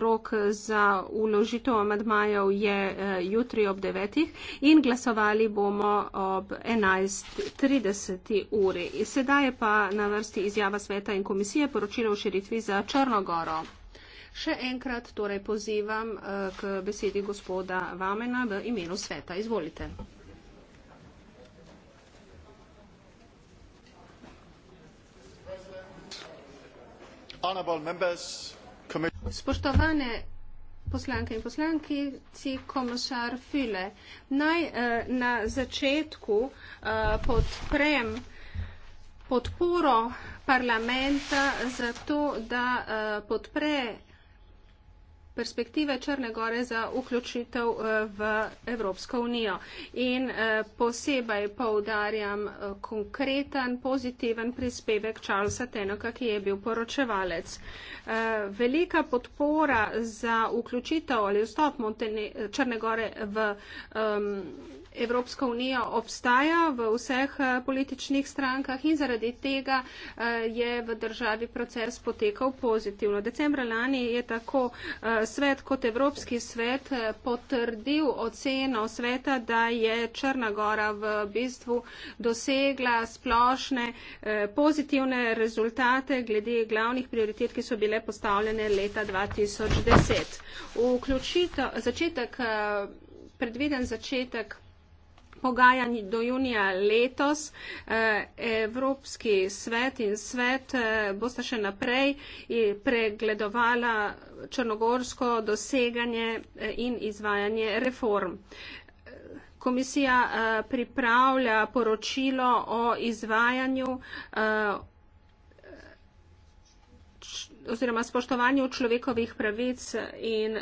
rok za uložitev amadmajev je eh, jutri ob 9. in glasovali bomo ob 11.30 uri. Sedaj je pa na vrsti izjava sveta in komisije poročilo o širitvi za Črnogoro. Še enkrat torej pozivam eh, k besedi gospoda Vamena v imenu sveta. Izvolite. Honorable members, Spoštovane poslanke in poslanki, komisar File, naj eh, na začetku eh, podprem podporo parlamenta za to, da eh, podpre perspektive Črne gore za vključitev eh, v Evropsko unijo. In eh, posebej poudarjam eh, konkreten, pozitiven prispevek Charlesa Tenoka, ki je bil poročevalec. Velika podpora za vključitev ali vstop Montene Črne gore v um, Evropska unija obstaja v vseh eh, političnih strankah in zaradi tega eh, je v državi proces potekal pozitivno. Decembra lani je tako eh, svet kot Evropski svet potrdil oceno sveta, da je Črna Gora v bistvu dosegla splošne pozitivne rezultate glede glavnih prioritet, ki so bile postavljene leta 2010. Vključito, začetek, predviden začetek pogajanj do junija letos. Eh, Evropski svet in svet eh, boste še naprej eh, pregledovala črnogorsko doseganje in izvajanje reform. Komisija pripravlja poročilo o izvajanju oziroma spoštovanju človekovih pravic in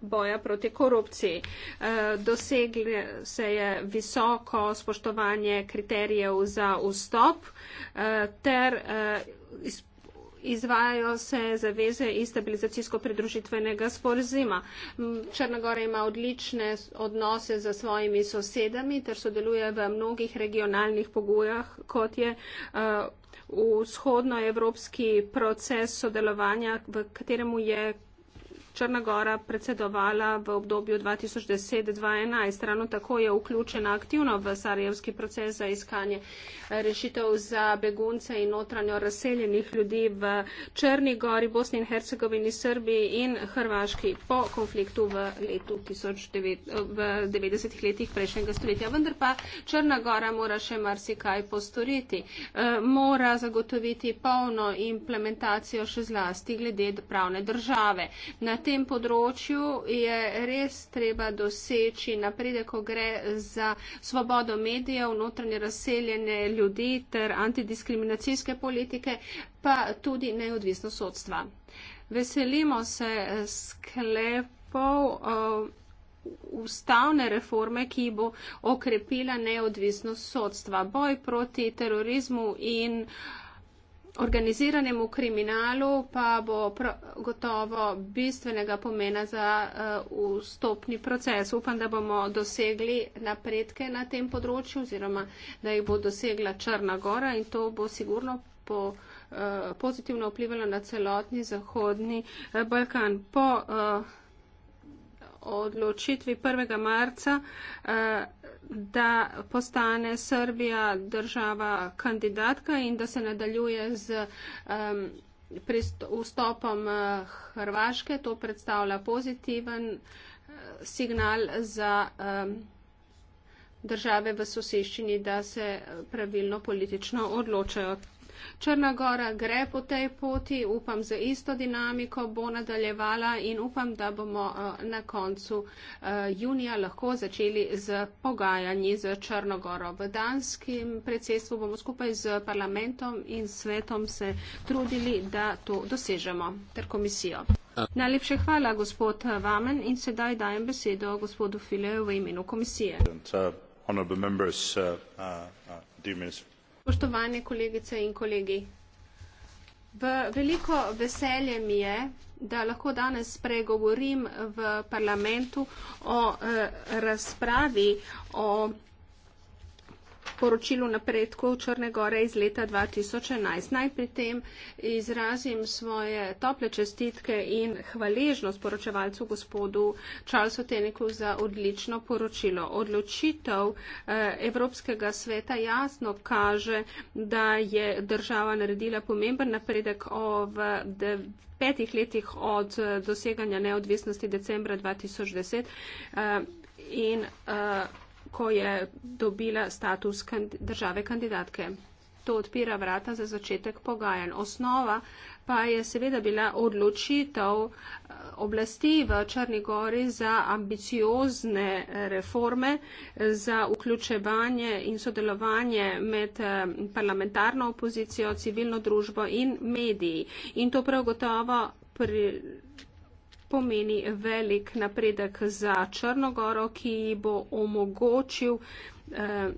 boja proti korupciji. Eh, dosegli se je visoko spoštovanje kriterijev za vstop eh, ter eh, izvajajo se zaveze iz stabilizacijsko-pridružitvenega sporozima. Črnagora ima odlične odnose za svojimi sosedami ter sodeluje v mnogih regionalnih pogojah, kot je vzhodnoevropski proces sodelovanja, v kateremu je Črna Gora predsedovala v obdobju 2010-2011. Ravno tako je vključena aktivno v sarjevski proces za iskanje eh, rešitev za begunce in notranjo razseljenih ljudi v Črni Gori, Bosni in Hercegovini, Srbiji in Hrvaški po konfliktu v, letu 19, eh, v 90-ih letih prejšnjega stoletja. Vendar pa Črna Gora mora še marsikaj postoriti. Eh, mora zagotoviti polno implementacijo še zlasti glede pravne države. Na tem področju je res treba doseči napredek, ko gre za svobodo medijev, notranje razseljene ljudi ter antidiskriminacijske politike, pa tudi neodvisno sodstva. Veselimo se sklepov ustavne reforme, ki bo okrepila neodvisnost sodstva. Boj proti terorizmu in uh, organiziranemu kriminalu pa bo pro, gotovo bistvenega pomena za eh, vstopni uh, proces. Upam, da bomo dosegli napredke na tem področju oziroma da jih bo dosegla Črna Gora in to bo sigurno po, uh, pozitivno vplivalo na celotni Zahodni uh, Balkan. Po uh, odločitvi 1. marca uh, da postane Srbija država kandidatka in da se nadaljuje z um, vstopom uh, Hrvaške. To predstavlja pozitiven uh, signal za um, države v sosiščini, da se uh, pravilno politično odločajo. Črna gora gre po tej poti, upam za isto dinamiko, bo nadaljevala in upam, da bomo eh, na koncu eh, junija lahko začeli z pogajanji z Črno goro. V danskem predsedstvu bomo skupaj z parlamentom in svetom se trudili, da to dosežemo ter komisijo. Najlepše hvala, gospod eh, Vamen, in sedaj dajem besedo gospodu Fileju v imenu komisije. Uh, members, uh, uh, uh, Spoštovane kolegice in kolegi, v veliko veselje mi je, da lahko danes pregovorim v parlamentu o eh, razpravi o poročilu napredkov Črne Gore iz leta 2011. Naj pri tem izrazim svoje tople čestitke in hvaležnost poročevalcu gospodu Charlesu Teniku za odlično poročilo. Odločitev eh, Evropskega sveta jasno kaže, da je država naredila pomemben napredek v petih letih od eh, doseganja neodvisnosti decembra 2010 eh, in uh, ko je dobila status države kandidatke. To odpira vrata za začetek pogajanj. Osnova pa je seveda bila odločitev eh, oblasti v Črni Gori za ambiciozne eh, reforme, eh, za vključevanje in sodelovanje med parlamentarno opozicijo, civilno družbo in mediji. In to prav gotovo pri, pomeni velik napredek za Črnogoro, ki bo omogočil eh,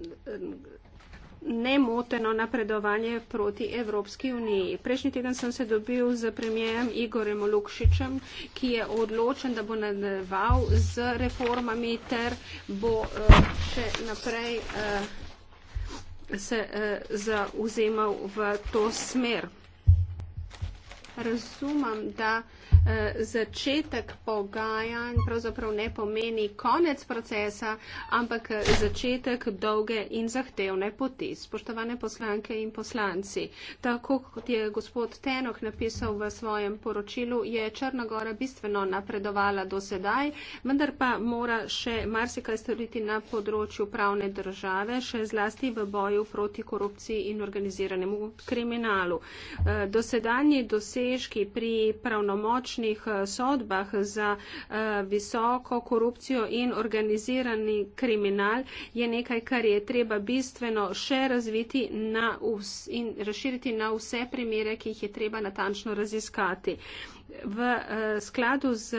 nemoteno napredovanje proti Evropski uniji. Prejšnji teden sem se dobil z premijem Igorem Lukšičem, ki je odločen, da bo nadaljeval z reformami ter bo eh, še naprej eh, se zauzemal v to smer. Razumem, da Eh, začetek pogajanj pravzaprav ne pomeni konec procesa, ampak eh, začetek dolge in zahtevne poti. Spoštovane poslanke in poslanci, tako kot je gospod Tenok napisal v svojem poročilu, je Črnagora bistveno napredovala do sedaj, vendar pa mora še marsikaj storiti na področju pravne države, še zlasti v boju proti korupciji in organiziranemu kriminalu. Eh, dosedanji dosežki pri pravnomoč kakšnih eh, sodbah za eh, visoko korupcijo in organizirani kriminal, je nekaj, kar je treba bistveno še razviti vs, in razširiti na vse primere, ki jih je treba natančno raziskati. V eh, skladu z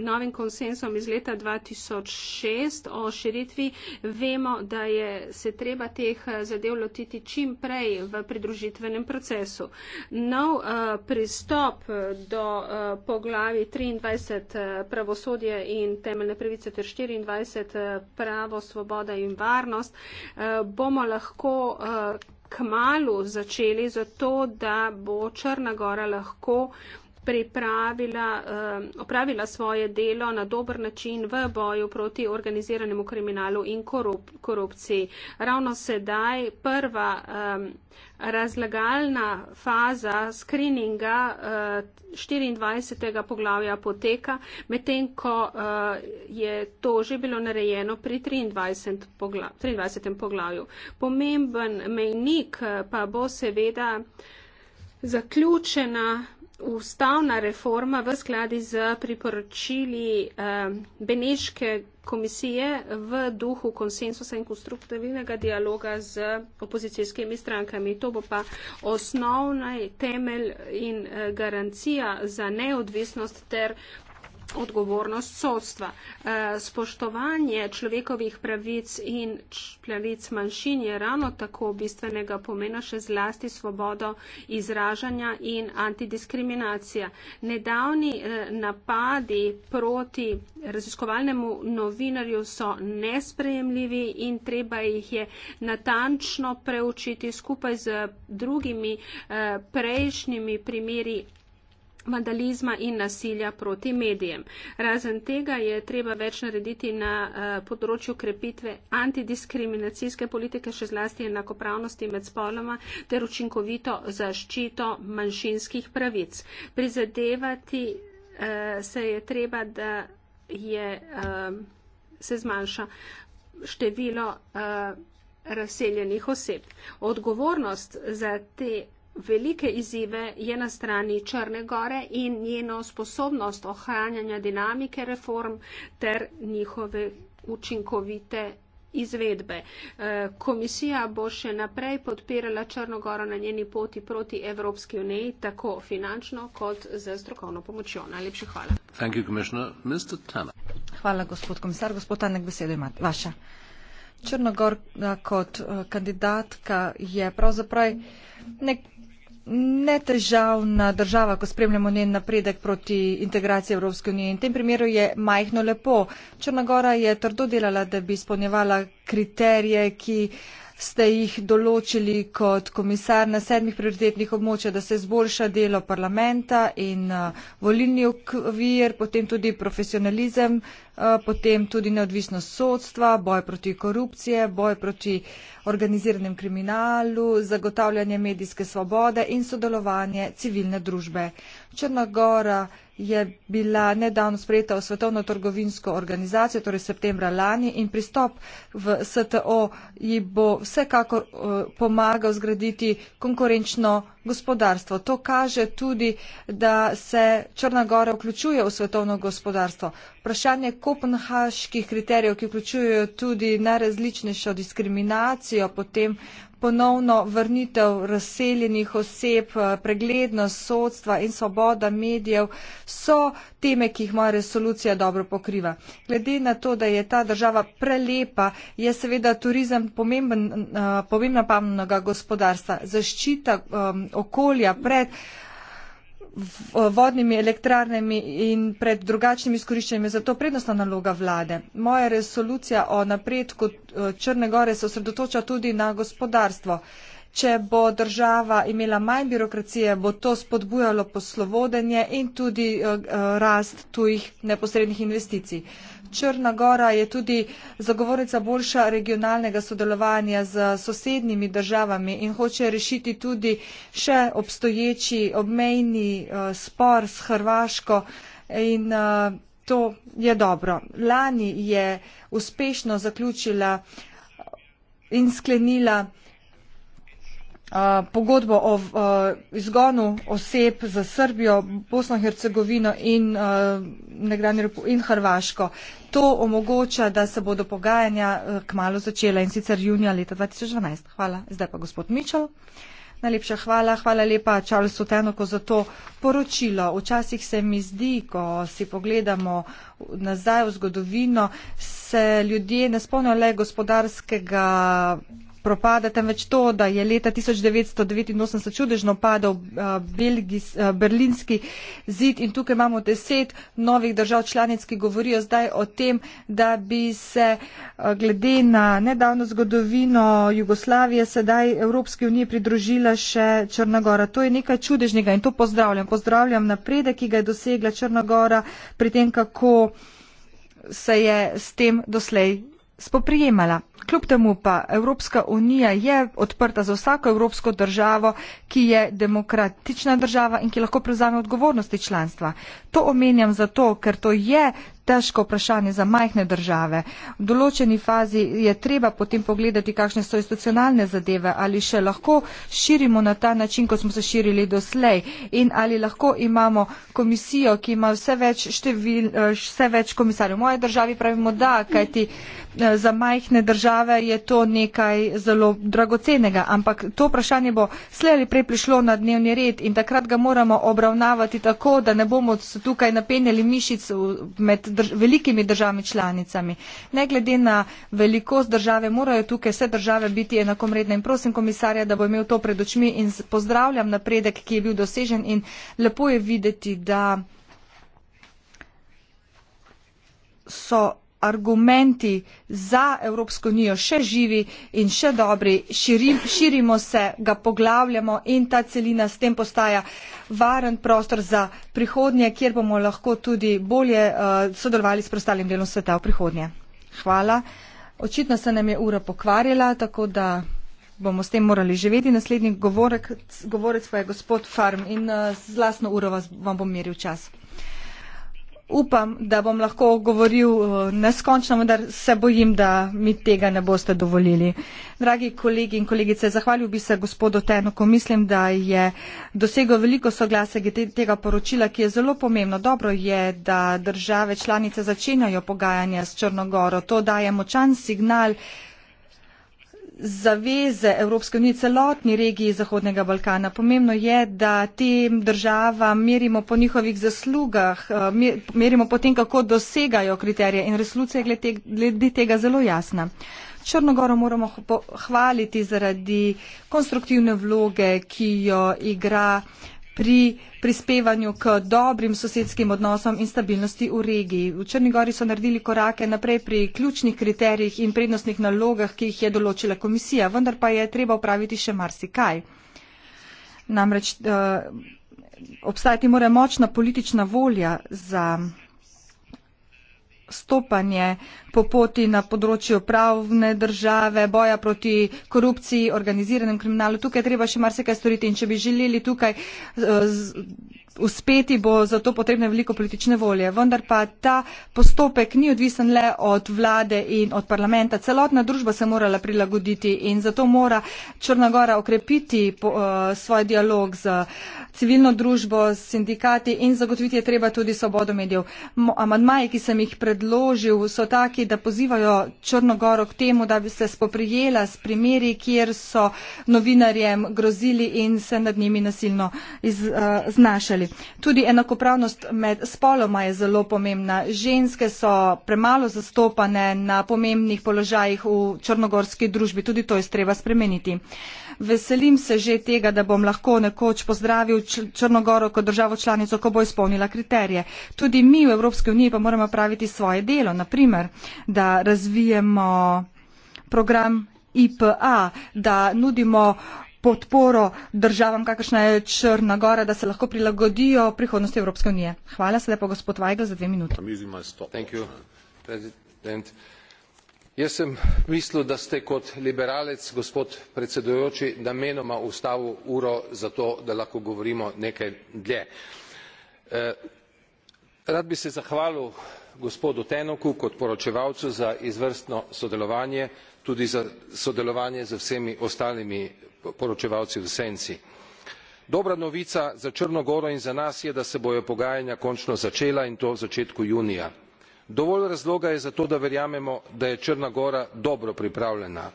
novim konsensom iz leta 2006 o širitvi, vemo, da je se treba teh eh, zadev lotiti čim prej v pridružitvenem procesu. Nov uh, pristop eh, do uh, poglavi 23 uh, pravosodje in temeljne pravice ter 24 uh, pravo, svoboda in varnost uh, bomo lahko. Uh, k malu začeli, zato da bo Črna gora lahko uh, pripravila, eh, opravila svoje delo na dober način v boju proti organiziranemu kriminalu in korup korupciji. Ravno sedaj prva eh, razlagalna faza skrininga 24. Eh, poglavja poteka, medtem ko je to že bilo narejeno pri 23. Pogla 23. poglavju. Pomemben mejnik pa bo seveda zaključena ustavna reforma v skladi z priporočili eh, Beneške komisije v duhu konsensusa in konstruktivnega dialoga z opozicijskimi strankami. To bo pa osnovna temelj in eh, garancija za neodvisnost ter odgovornost sodstva. E, spoštovanje človekovih pravic in pravic manjšin je ravno tako bistvenega pomena še zlasti svobodo izražanja in antidiskriminacija. Nedavni e, napadi proti raziskovalnemu novinarju so nesprejemljivi in treba jih je natančno preučiti skupaj z drugimi e, prejšnjimi primeri vandalizma in nasilja proti medijem. Razen tega je treba več narediti na eh, področju krepitve antidiskriminacijske politike, še zlasti enakopravnosti med spoloma ter učinkovito zaščito manjšinskih pravic. Prizadevati eh, se je treba, da je, eh, se zmanjša število raseljenih oseb. Odgovornost za te Velike izzive je na strani Črne gore in njeno sposobnost ohranjanja dinamike reform ter njihove učinkovite izvedbe. Eh, komisija bo še naprej podpirala Črnogoro na njeni poti proti Evropski uniji, tako finančno kot z strokovno pomočjo. Najlepše hvala. You, hvala, gospod komisar. Gospod Tanek, besedo imate. Vaša. Črnogorka kot eh, kandidatka je pravzaprav nek ne težavna država, ko spremljamo njen napredek proti integraciji Evropske unije. In v tem primeru je majhno lepo. Črnagora je trdo delala, da bi spolnjevala kriterije, ki uh, ste jih določili kot komisar na sedmih prioritetnih območjah, da se zboljša delo parlamenta in eh, volilni okvir, potem tudi profesionalizem, eh, potem tudi neodvisnost sodstva, boj proti korupcije, boj proti organiziranem kriminalu, zagotavljanje medijske svobode in sodelovanje civilne družbe. Črna gora je bila nedavno sprejeta v svetovno trgovinsko organizacijo, torej septembra lani in pristop v STO ji bo vsekakor eh, pomagal zgraditi konkurenčno gospodarstvo. To kaže tudi, da se Črna Gora vključuje v svetovno gospodarstvo. Vprašanje kopenhaških kriterijev, ki vključujejo tudi najrazličnejšo diskriminacijo, potem ponovno vrnitev razseljenih oseb, preglednost sodstva in svoboda medijev so teme, ki jih moja resolucija dobro pokriva. Glede na to, da je ta država prelepa, je seveda turizem pomemben, eh, pomembna panoga gospodarstva. Zaščita um, okolja pred vodnimi elektrarnami in pred drugačnimi izkoriščenjami, zato prednostna naloga vlade. Moja resolucija o napredku eh, Črne gore se osredotoča tudi na gospodarstvo. Če bo država imela manj birokracije, bo to spodbujalo poslovodenje in tudi eh, eh, rast tujih neposrednih investicij. Črna Gora je tudi zagovornica boljša regionalnega sodelovanja z sosednjimi državami in hoče rešiti tudi še obstoječi obmejni eh, spor s Hrvaško in eh, to je dobro. Lani je uspešno zaključila in sklenila Uh, pogodbo o uh, izgonu oseb za Srbijo, Bosno in Hercegovino uh, in Hrvaško. To omogoča, da se bodo pogajanja uh, kmalo začela in sicer junija leta 2012. Hvala. Zdaj pa gospod Mičel. Najlepša hvala. Hvala lepa Charlesu Tenoku za to poročilo. Včasih se mi zdi, ko si pogledamo nazaj v zgodovino, se ljudje ne spomnijo le gospodarskega propada, temveč to, da je leta 1989 čudežno padal eh, Belgis, eh, berlinski zid in tukaj imamo deset novih držav članic, ki govorijo zdaj o tem, da bi se eh, glede na nedavno zgodovino Jugoslavije sedaj Evropski uniji pridružila še Črnagora. To je nekaj čudežnega in to pozdravljam. Pozdravljam napredek, ki ga je dosegla Črnagora pri tem, kako se je s tem doslej spoprijemala. Kljub temu pa Evropska unija je odprta za vsako evropsko državo, ki je demokratična država in ki lahko prevzame odgovornosti članstva. To omenjam zato, ker to je težko vprašanje za majhne države. V določeni fazi je treba potem pogledati, kakšne so institucionalne zadeve, ali še lahko širimo na ta način, kot smo se širili doslej in ali lahko imamo komisijo, ki ima vse več, števil, eh, vse več komisarjev. V moji državi pravimo da, kajti eh, za majhne države je to nekaj zelo dragocenega, ampak to vprašanje bo slej ali prej prišlo na dnevni red in takrat ga moramo obravnavati tako, da ne bomo tukaj napenjali mišic med drž velikimi državami članicami. Ne glede na velikost države, morajo tukaj vse države biti enakomredne. In prosim komisarja, da bo imel to pred očmi in pozdravljam napredek, ki je bil dosežen in lepo je videti, da so argumenti za Evropsko unijo še živi in še dobri, Širim, širimo se, ga poglavljamo in ta celina s tem postaja varen prostor za prihodnje, kjer bomo lahko tudi bolje uh, sodelovali s prostalim delom sveta v prihodnje. Hvala. Očitno se nam je ura pokvarjala, tako da bomo s tem morali živeti. Naslednji govorec, govorec pa je gospod Farm in uh, z lasno uro vas, vam bom meril čas upam, da bom lahko govoril eh, neskončno, vendar se bojim, da mi tega ne boste dovolili. Dragi kolegi in kolegice, zahvalil bi se gospodu Tenoku. Mislim, da je dosegel veliko soglasja tega poročila, ki je zelo pomembno. Dobro je, da države članice začenjajo pogajanja s Črnogoro. To daje močan signal zaveze Evropske unije, celotni regiji Zahodnega Balkana. Pomembno je, da tem državam merimo po njihovih zaslugah, eh, merimo po tem, kako dosegajo kriterije in resolucija je glede tega zelo jasna. Črnogoro moramo hvaliti zaradi konstruktivne vloge, ki jo igra pri prispevanju k dobrim sosedskim odnosom in stabilnosti v regiji. V Črnigori so naredili korake naprej pri ključnih kriterijih in prednostnih nalogah, ki jih je določila komisija, vendar pa je treba upraviti še marsikaj. Namreč eh, obstajati mora močna politična volja za stopanje po poti na področju pravne države, boja proti korupciji, organiziranem kriminalu. Tukaj treba še marsikaj storiti in če bi želeli tukaj eh, z, uspeti bo za to potrebne veliko politične volje. Vendar pa ta postopek ni odvisen le od vlade in od parlamenta. Celotna družba se morala prilagoditi in zato mora Črnagora okrepiti po, uh, svoj dialog z civilno družbo, s sindikati in zagotoviti je treba tudi svobodo medijev. Amadmaji, ki sem jih predložil, so taki, da pozivajo Črnogoro k temu, da bi se spoprijela s primeri, kjer so novinarjem grozili in se nad njimi nasilno iz, uh, znašali povedali. Tudi enakopravnost med spoloma je zelo pomembna. Ženske so premalo zastopane na pomembnih položajih v črnogorski družbi. Tudi to je treba spremeniti. Veselim se že tega, da bom lahko nekoč pozdravil Črnogoro kot državo članico, ko bo izpolnila kriterije. Tudi mi v Evropski uniji pa moramo praviti svoje delo, naprimer, da razvijemo program IPA, da nudimo podporo državam, kakršna je Črna Gora, da se lahko prilagodijo prihodnosti Evropske unije. Hvala se lepo, gospod Vajgl, za dve minute. Jaz sem mislil, da ste kot liberalec, gospod predsedujoči, namenoma ustavil uro za to, da lahko govorimo nekaj dlje. Eh, rad bi se zahvalil gospodu Tenoku kot poročevalcu za izvrstno sodelovanje, tudi za sodelovanje z vsemi ostalimi poročevalci v senci. dobra novica za črno goro in za nas je da se bojo pogajanja končno začela in to v začetku junija. dovolj razloga je za to da verjamemo da je črna gora dobro pripravljena.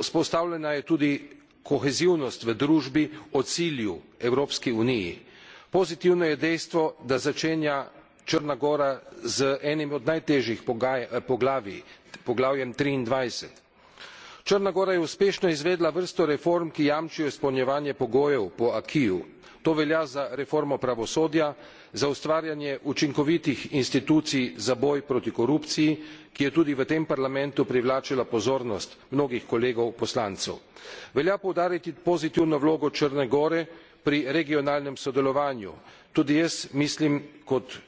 vzpostavljena je tudi kohezivnost v družbi o cilju evropski uniji. pozitivno je dejstvo da začenja črna gora z enim od najtežjih poglavij poglavjem triindvajset črna gora je uspešno izvedla vrsto reform ki jamčijo izpolnjevanje pogojev po acquisu to velja za reformo pravosodja za ustvarjanje učinkovitih institucij za boj proti korupciji ki je tudi v tem parlamentu privlačila pozornost mnogih kolegov poslancev. velja poudariti pozitivno vlogo črne gore pri regionalnem sodelovanju tudi jaz mislim kot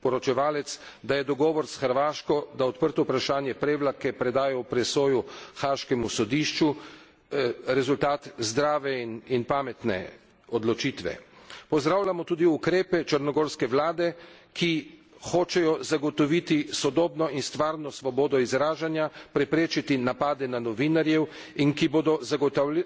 poročevalec da je dogovor s hrvaško da odprto vprašanje prevlake predajo v presojo haaškemu sodišču eh, rezultat zdrave in pametne odločitve. pozdravljamo tudi ukrepe črnogorske vlade ki hočejo zagotoviti sodobno in stvarno svobodo izražanja preprečiti napade na novinarje in ki bodo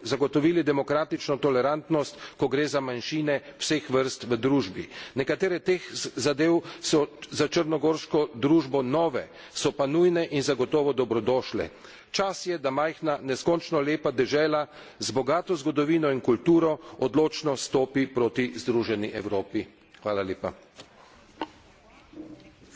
zagotovili demokratično tolerantnost ko gre za manjšine vseh vrst v družbi. nekatere teh zadev so za črnogorsko družbo nove so pa nujne in zagotovo dobrodošle. čas je da majhna neskončno lepa dežela z bogato zgodovino in kulturo odločno stopi proti združeni evropi.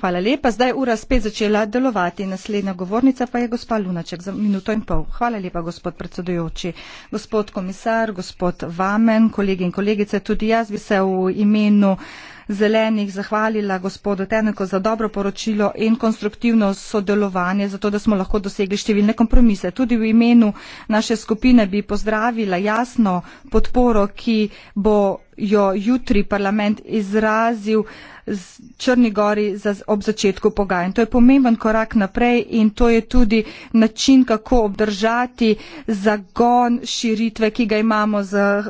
Hvala lepa. Zdaj je ura spet začela delovati. Naslednja govornica pa je gospa Lunaček za minuto in pol. Hvala lepa, gospod predsedujoči. Gospod komisar, gospod Vamen, kolegi in kolegice, tudi jaz bi se v imenu zelenih zahvalila gospodu Teneko za dobro poročilo in konstruktivno sodelovanje, zato da smo lahko dosegli številne kompromise. Tudi v imenu naše skupine bi pozdravila jasno podporo, ki bo jo jutri parlament izrazil. Uh, Črni gori za, ob začetku pogajanj. To je pomemben korak naprej in to je tudi način, kako obdržati zagon širitve, ki ga imamo z eh,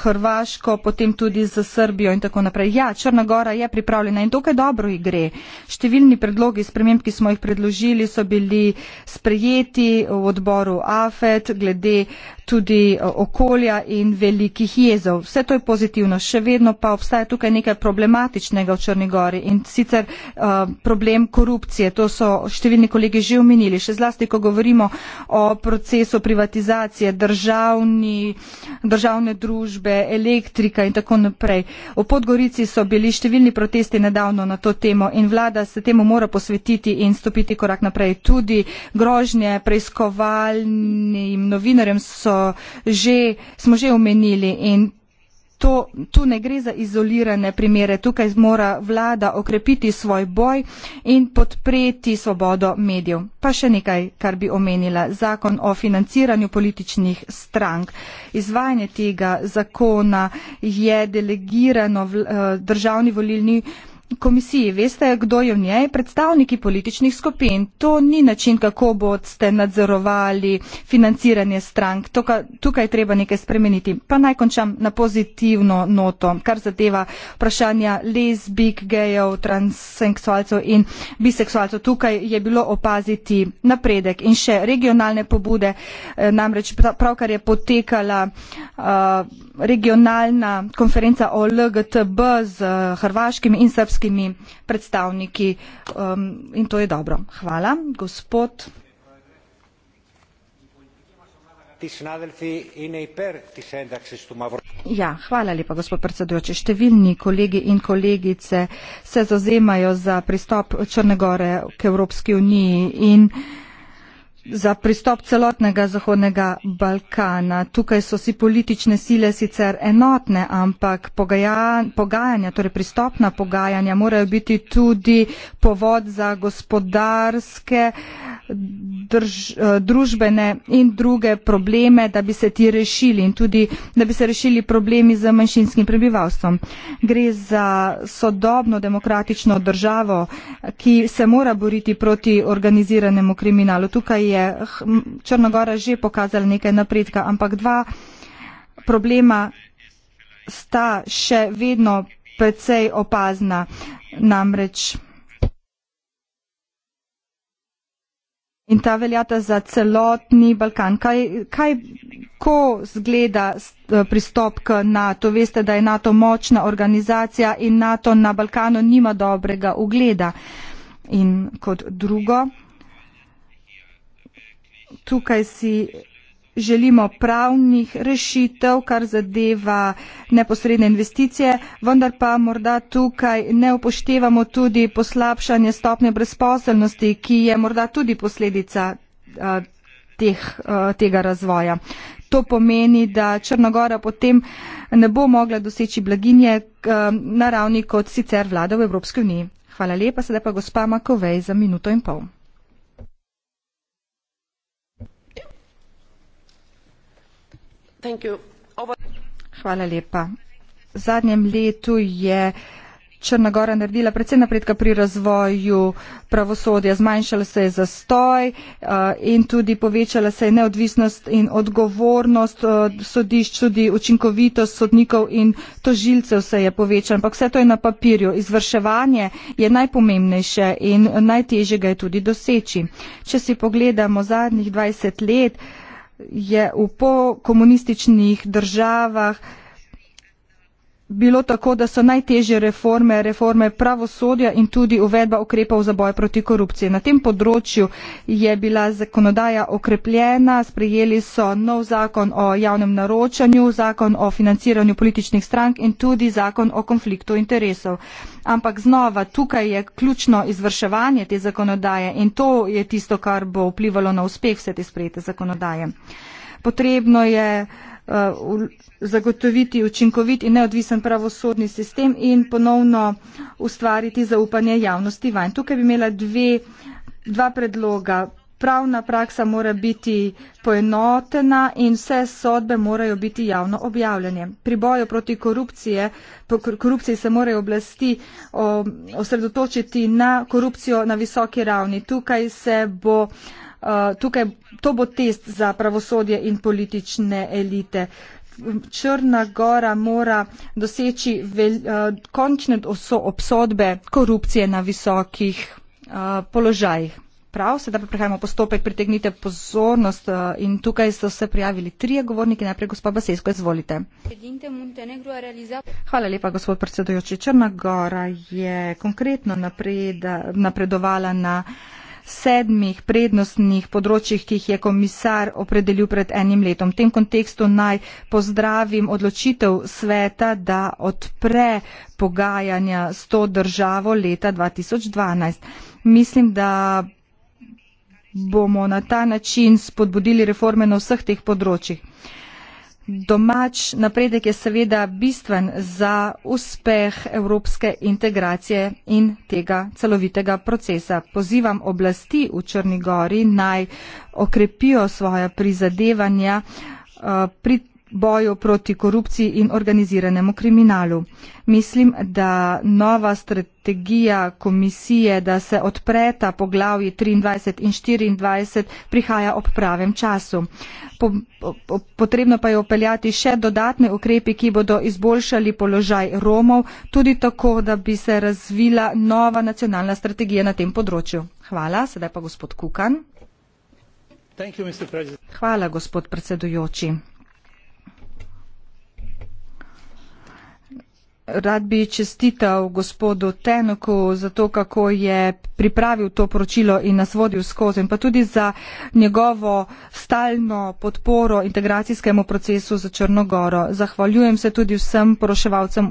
Hrvaško, potem tudi z Srbijo in tako naprej. Ja, Črna gora je pripravljena in dokaj dobro ji gre. Številni predlogi sprememb, ki smo jih predložili, so bili sprejeti v odboru AFET glede tudi eh, okolja in velikih jezov. Vse to je pozitivno, še vedno pa obstaja tukaj nekaj problematičnega v Črni gori. Črni Gori in sicer uh, problem korupcije. To so številni kolegi že omenili, še zlasti, ko govorimo o procesu privatizacije, državni, državne družbe, elektrika in tako naprej. V Podgorici so bili številni protesti nedavno na to temo in vlada se temu mora posvetiti in stopiti korak naprej. Tudi grožnje preiskovalnim novinarjem so že, smo že omenili in to, tu ne gre za izolirane primere, tukaj mora vlada okrepiti svoj boj in podpreti svobodo medijev. Pa še nekaj, kar bi omenila, zakon o financiranju političnih strank. Izvajanje tega zakona je delegirano v, eh, državni volilni komisiji, veste, kdo je v njej, predstavniki političnih skupin. To ni način, kako boste nadzorovali financiranje strank. Toka, tukaj je treba nekaj spremeniti. Pa naj končam na pozitivno noto, kar zadeva vprašanja lezbik, gejev, transseksualcev in biseksualcev. Tukaj je bilo opaziti napredek in še regionalne pobude. Eh, namreč pravkar je potekala uh, regionalna konferenca o LGTB z eh, hrvaškimi in srpskimi evropskimi predstavniki um, in to je dobro. Hvala. Gospod. Ja, hvala lepa, gospod predsedujoči. Številni kolegi in kolegice se zazemajo za pristop Črnegore k Evropski uniji in uh, za pristop celotnega Zahodnega Balkana. Tukaj so si politične sile sicer enotne, ampak pogajanja, torej pristopna pogajanja, morajo biti tudi povod za gospodarske drž, eh, družbene in druge probleme, da bi se ti rešili in tudi, da bi se rešili problemi z manjšinskim prebivalstvom. Gre za sodobno demokratično državo, ki se mora boriti proti organiziranemu kriminalu. Tukaj je Črnogora že pokazala nekaj napredka, ampak dva problema sta še vedno precej opazna. Namreč In ta veljata za celotni Balkan. Kaj, kaj ko zgleda eh, pristop k NATO? Veste, da je NATO močna organizacija in NATO na Balkanu nima dobrega ugleda. In kot drugo, tukaj si želimo pravnih rešitev, kar zadeva neposredne investicije, vendar pa morda tukaj ne upoštevamo tudi poslabšanje stopnje brezposelnosti, ki je morda tudi posledica teh, tega razvoja. To pomeni, da Črnagora potem ne bo mogla doseči blaginje na ravni kot sicer vlada v Evropski uniji. Hvala lepa, sedaj pa gospa Makovej za minuto in pol. V zadnjem letu je Črna Gora naredila predvsem napredka pri razvoju pravosodja, zmanjšala se je zastoj eh, in tudi povečala se je neodvisnost in odgovornost eh, sodišč, tudi učinkovitost sodnikov in tožilcev se je povečala. Ampak vse to je na papirju. Izvrševanje je najpomembnejše in najtežje ga je tudi doseči. Če si pogledamo zadnjih 20 let, je v pokomunističnih državah bilo tako, da so najtežje reforme, reforme pravosodja in tudi uvedba ukrepov za boj proti korupciji. Na tem področju je bila zakonodaja okrepljena, sprejeli so nov zakon o javnem naročanju, zakon o financiranju političnih strank in tudi zakon o konfliktu interesov. Ampak znova, tukaj je ključno izvrševanje te zakonodaje in to je tisto, kar bo vplivalo na uspeh vse te sprejete zakonodaje. Potrebno je Eh, zagotoviti učinkovit in neodvisen pravosodni sistem in ponovno ustvariti zaupanje javnosti vanj. Tukaj bi imela dve, dva predloga. Pravna praksa mora biti poenotena in vse sodbe morajo biti javno objavljene. Pri boju proti korupcije, korupciji se morajo oblasti osredotočiti na korupcijo na visoki ravni. Tukaj se bo uh, Eh, tukaj, to bo test za pravosodje in politične elite. Črna gora mora doseči vel, uh, končne oso obsodbe korupcije na visokih uh, položajih. Prav, sedaj pa prehajamo postopek, pritegnite pozornost uh, in tukaj so se prijavili trije govorniki. Najprej gospod Basesko, izvolite. Hvala lepa, gospod predsedujoči. Črna gora je konkretno napreda, napredovala na sedmih prednostnih področjih, ki jih je komisar opredelil pred enim letom. V tem kontekstu naj pozdravim odločitev sveta, da odpre pogajanja s to državo leta 2012. Mislim, da bomo na ta način spodbudili reforme na vseh teh področjih domač napredek je seveda bistven za uspeh evropske integracije in tega celovitega procesa. Pozivam oblasti v Črnigori naj okrepijo svoja prizadevanja eh, pri boju proti korupciji in organiziranemu kriminalu. Mislim, da nova strategija komisije, da se odpreta poglavji 23 in 24, prihaja ob pravem času. Po, po, potrebno pa je upeljati še dodatne ukrepe, ki bodo izboljšali položaj Romov, tudi tako, da bi se razvila nova nacionalna strategija na tem področju. Hvala, sedaj pa gospod Kukan. Hvala, gospod predsedujoči. Rad bi čestital gospodu Tenoku za to, kako je pripravil to poročilo in nas vodil skozi, in pa tudi za njegovo stalno podporo integracijskemu procesu za Črnogoro. Zahvaljujem se tudi vsem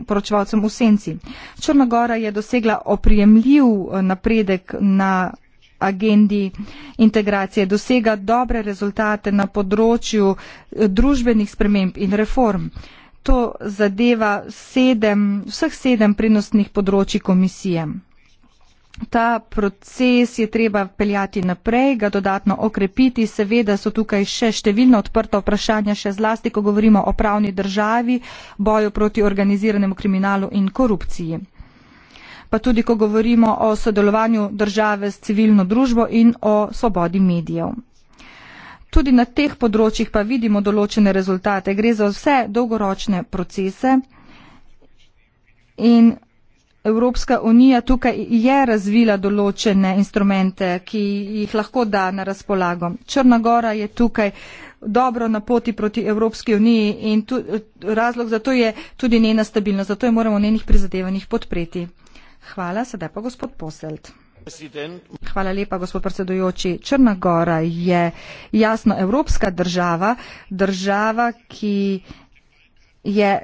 poročevalcem v senci. Črnogora je dosegla oprijemljiv eh, napredek na agendi integracije, dosega dobre rezultate na področju eh, družbenih sprememb in reform to zadeva sedem, vseh sedem prednostnih področji komisije. Ta proces je treba peljati naprej, ga dodatno okrepiti. Seveda so tukaj še številna odprta vprašanja, še zlasti, ko govorimo o pravni državi, boju proti organiziranemu kriminalu in korupciji. Pa tudi, ko govorimo o sodelovanju države s civilno družbo in o svobodi medijev tudi na teh področjih pa vidimo določene rezultate. Gre za vse dolgoročne procese in Evropska unija tukaj je razvila določene instrumente, ki jih lahko da na razpolago. Črna gora je tukaj dobro na poti proti Evropski uniji in tu, razlog za to je tudi njena stabilnost, zato jo moramo v njenih prizadevanjih podpreti. Hvala, sedaj pa gospod Poselt črna gora je jasno evropska država država ki je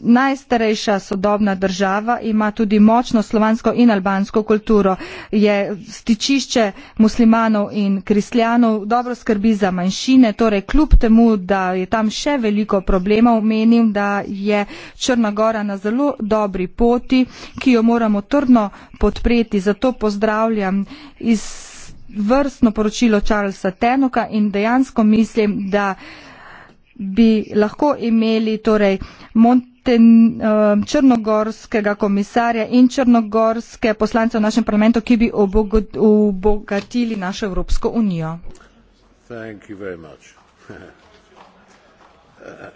najstarejša sodobna država, ima tudi močno slovansko in albansko kulturo, je stičišče muslimanov in kristjanov, dobro skrbi za manjšine, torej kljub temu, da je tam še veliko problemov, menim, da je Črna Gora na zelo dobri poti, ki jo moramo trdno podpreti, zato pozdravljam iz vrstno poročilo Charlesa Tenoka in dejansko mislim, da bi lahko imeli torej Monten, eh, črnogorskega komisarja in črnogorske poslance v našem parlamentu, ki bi obogatili našo Evropsko unijo. Thank you very much. Uh,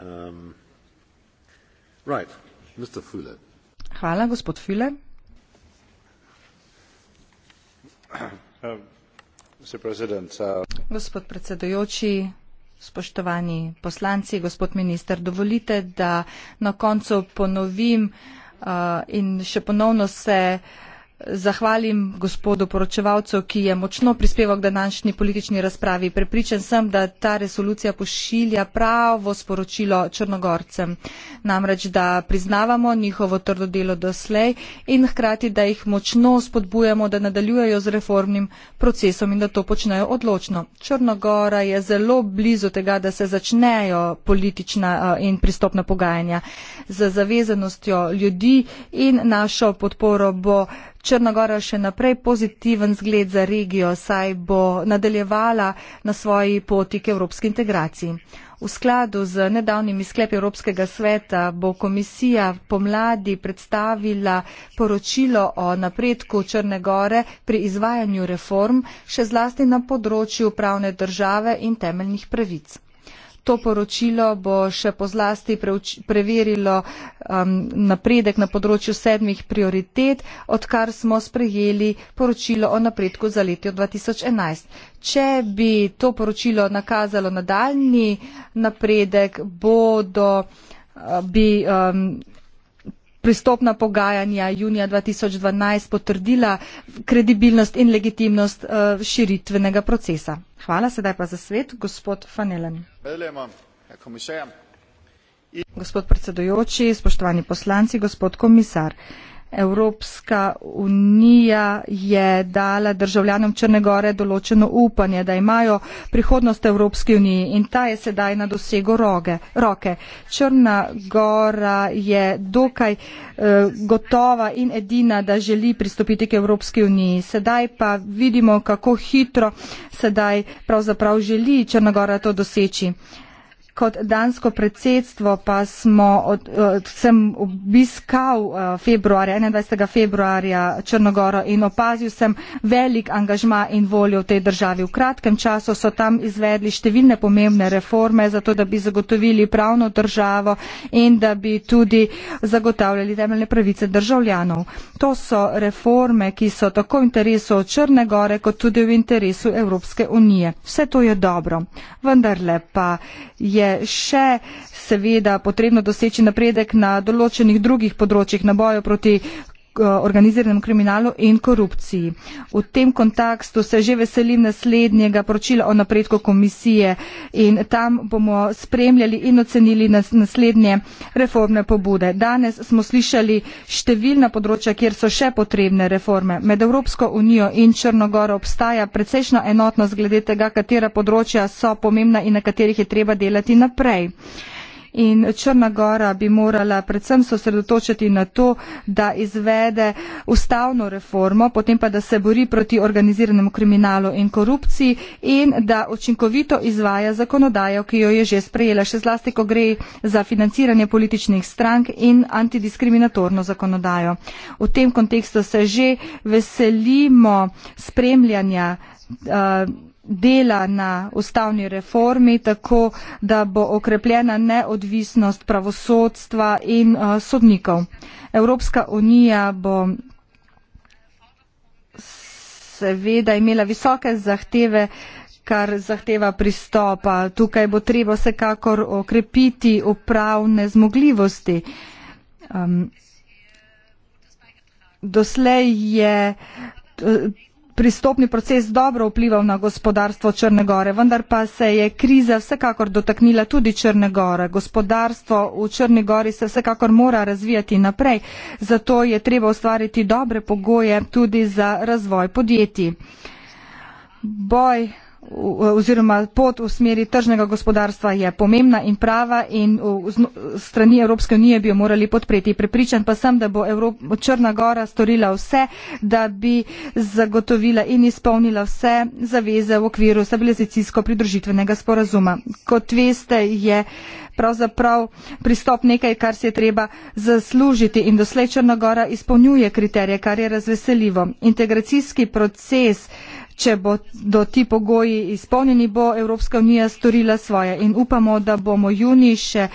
um, right, Mr. Fule. Hvala, gospod Fule. Uh, Uh, gospod predsedujoči, spoštovani poslanci, gospod minister, dovolite, da na koncu ponovim uh, in še ponovno se uh, zahvalim gospodu poročevalcu ki je močno prispeval k današnji politični razpravi prepričan sem da ta resolucija pošilja pravo sporočilo črnogorcem namreč da priznavamo njihovo trdo delo doslej in hkrati da jih močno spodbujamo da nadaljujejo z reformnim procesom in da to počnejo odločno črnogora je zelo blizu tega da se začnejo politična in pristopna pogajanja z zavezanostjo ljudi in našo podporo bo Črnogora še naprej pozitiven zgled za regijo, saj bo nadaljevala na svoji poti k evropski integraciji. V skladu z nedavnimi sklepi Evropskega sveta bo komisija pomladi predstavila poročilo o napredku Črne gore pri izvajanju reform, še zlasti na področju pravne države in temeljnih pravic. To poročilo bo še pozlasti preverilo um, napredek na področju sedmih prioritet, odkar smo sprejeli poročilo o napredku za leto 2011. Če bi to poročilo nakazalo nadaljni napredek, bodo, uh, bi um, pristopna pogajanja junija 2012 potrdila kredibilnost in legitimnost eh, širitvenega procesa. Hvala sedaj pa za svet, gospod Fanelen. Gospod predsedujoči, spoštovani poslanci, gospod komisar. Evropska unija je dala državljanom Črne Gore določeno upanje, da imajo prihodnost Evropske unije in ta je sedaj na dosego roge, roke. Črna Gora je dokaj eh, gotova in edina, da želi pristopiti k Evropski uniji. Sedaj pa vidimo, kako hitro sedaj pravzaprav želi Črna Gora to doseči kot dansko predsedstvo pa smo od, od, sem obiskal eh, februarja, 21. februarja Črnogoro in opazil sem velik angažma in voljo v tej državi. V kratkem času so tam izvedli številne pomembne reforme, zato da bi zagotovili pravno državo in da bi tudi zagotavljali temeljne pravice državljanov. To so reforme, ki so tako v interesu Črne gore kot tudi v interesu Evropske unije. Vse to je dobro. Vendarle pa je je še seveda potrebno doseči napredek na določenih drugih področjih na boju proti Eh, organiziranem kriminalu in korupciji. V tem kontekstu se že veselim naslednjega poročila o napredku komisije in tam bomo spremljali in ocenili naslednje reformne pobude. Danes smo slišali številna področja, kjer so še potrebne reforme. Med Evropsko unijo in Črnogoro obstaja precejšna enotnost glede tega, katera področja so pomembna in na katerih je treba delati naprej in Črna Gora bi morala predvsem sosredotočiti na to, da izvede ustavno reformo, potem pa da se bori proti organiziranemu kriminalu in korupciji in da učinkovito izvaja zakonodajo, ki jo je že sprejela, še zlasti, ko gre za financiranje političnih strank in antidiskriminatorno zakonodajo. V tem kontekstu se že veselimo spremljanja. Uh, dela na ustavni reformi, tako da bo okrepljena neodvisnost pravosodstva in uh, sodnikov. Evropska unija bo seveda imela visoke zahteve, kar zahteva pristopa. Tukaj bo treba vsekakor okrepiti upravne zmogljivosti. Um, doslej je pristopni proces dobro vplival na gospodarstvo Črne gore, vendar pa se je kriza vsekakor dotaknila tudi Črne gore. Gospodarstvo v Črni gori se vsekakor mora razvijati naprej, zato je treba ustvariti dobre pogoje tudi za razvoj podjetij. Boj oziroma pot v smeri tržnega gospodarstva je pomembna in prava in strani Evropske unije bi jo morali podpreti. Prepričan pa sem, da bo Evrop, Črna Gora storila vse, da bi zagotovila in izpolnila vse zaveze v okviru stabilizacijsko pridružitvenega sporazuma. Kot veste, je pravzaprav pristop nekaj, kar se je treba zaslužiti in doslej Črna Gora izpolnjuje kriterije, kar je razveseljivo. Integracijski proces če bodo ti pogoji izpolnjeni, bo Evropska unija storila svoje. In upamo, da bomo juni še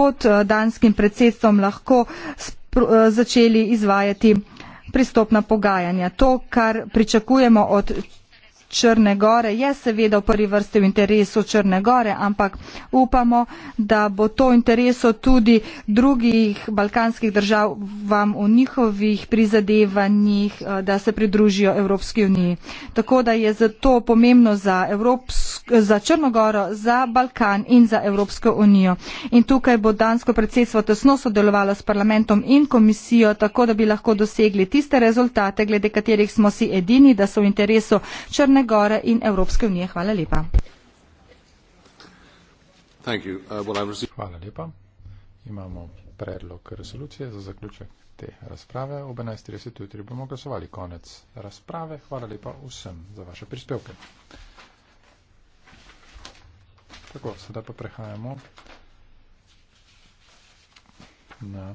pod eh, danskim predsedstvom lahko eh, začeli izvajati pristopna pogajanja. To, kar pričakujemo od Črne gore je seveda v prvi vrsti v interesu Črne gore, ampak upamo, da bo to v interesu tudi drugih balkanskih držav vam v njihovih prizadevanjih, eh, da se pridružijo Evropski uniji. Tako da je zato pomembno za Evropsko za Črnogoro, za Balkan in za Evropsko unijo. In tukaj bo dansko predsedstvo tesno sodelovalo s parlamentom in komisijo, tako da bi lahko dosegli tiste rezultate, glede katerih smo si edini, da so v interesu Črne Gore in Evropske unije. Hvala lepa. Uh, Hvala lepa. Imamo predlog resolucije za zaključek te razprave. Ob 11.30 jutri bomo glasovali konec razprave. Hvala lepa vsem za vaše prispevke. Tako, sedaj pa prehajamo na.